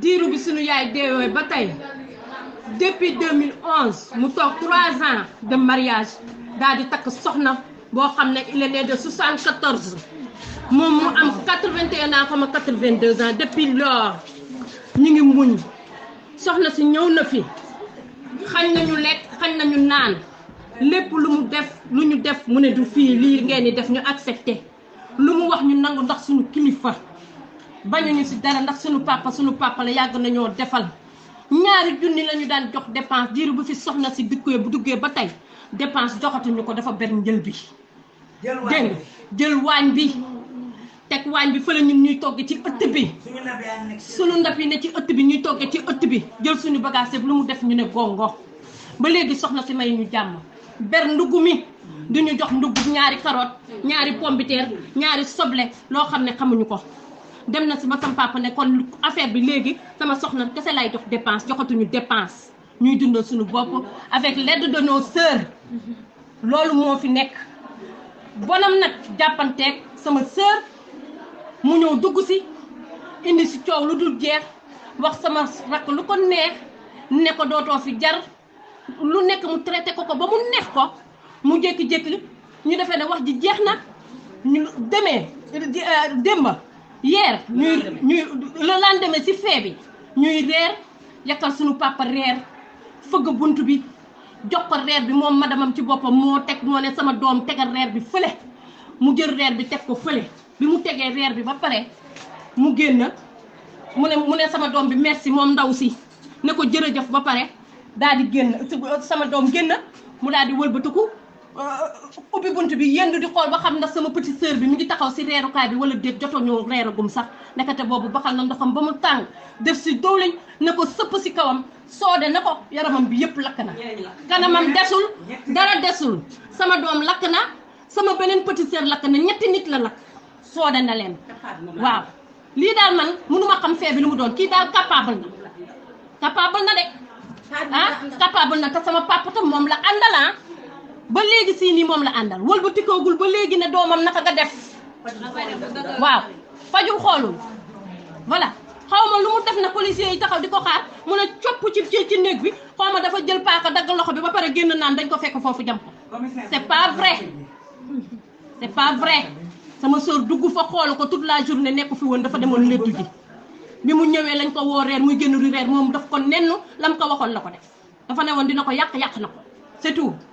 bi sunu yaay depuis 2011 mu tok 3 ans de mariage soxna il est né de 74 mom mu 81 ans comme 82 ans depuis lors ñi ngi muñ soxna si ñew na fi xañ nañu xañ nañu naan lepp lu mu def lu ñu def mu du ngeen def ñu accepté lu mu wax ñu nangu ndax bañuñu si dara ndax suñu papa suñu papa la yàgg nañoo defal ñaari junni la ñu daan jox dépense diiru bu fi soxna si dikkee bu duggee ba tey dépense joxatuñu ko dafa ber njël bi dégg jël waañ bi teg waañ bi fële ñun ñuy togg ci ëtt bi suñu ndab yi ne ci ëtt bi ñuy toggee ci ëtt bi jël suñu bagage lu mu def ñu ne gongo ba léegi soxna si may ñu jàmm ber ndugg mi duñu jox ndugg ñaari carotte ñaari pombiteer ñaari soble loo xam ne xamuñu ko dem na si ma sama papa ne kon affaire bi léegi sama soxna kese lay jox dépense joxatuñu dépense ñuy dundal suñu bop avec l'aide de nos sœurs lolu mo fi nekk bonam nak jàppanteeg sama sœur mu ñew dugg ci indi ci ciow lu dul jeex wax sama rakk lu ko neex ne ko doto fi jar lu nekk mu traité ko ko ba mu neex ko mu jékki-jékki ñu defee ne wax ji jeex na ñu demee démba yeer ñuy ñuy le lendemain si fee bi ñuy reer yakkal suñu papa reer fëgg bunt bi jox ko reer bi moom madamam ci boppam moo teg moo ne sama doom tegal reer bi fële mu jël reer bi teg ko fële bi mu tegee reer bi ba pare mu génn mu ne mu ne sama doom bi merci moom ndaw si ne ko jërëjëf ba pare daal di génn sama doom génn mu daal di wëlbatiku Euh, ubbi bunt bi yendu di xool ba xam ndax sama petite sœur bi mi ngi taxaw si reerukaay bi wala déet jotoo ñoo reeragum sax nekkate boobu baxal na ndoxam ba mu tàng def si dowliñ na ko sëpp si kawam soode na ko yaramam bi yëpp lakk na kanamam desul dara desul sama doom lakk na sama beneen petite sœur lakk na ñetti nit la lakk soode na leen waaw lii daal man mënuma xam fee bi lu mu doon kii daal capable na capable na de ah capable na te sama papa tam moom la àndalaan ah. ba léegi sii nii moom la àndal wëlbatikoogul ba léegi ne doomam naka nga def waaw fajul xoolul voilà xaw ma lu mu def na policiers yi taxaw di ko xaar mun a copp ci ci néeg bi xaw ma dafa jël paaka dagg loxo bi ba pare génn naan dañ ko fekk foofu jam ko c'est pas vrai c'est pas vrai sama sœur dugg fa xoolu ko tout la journée nekku fi woon dafa demoon léttu ji bi mu ñëwee lañ ko woo reer muy génn ru reer moom daf ko nennu lam ko waxoon la ko def dafa ne dina ko yàq yàq na ko c'est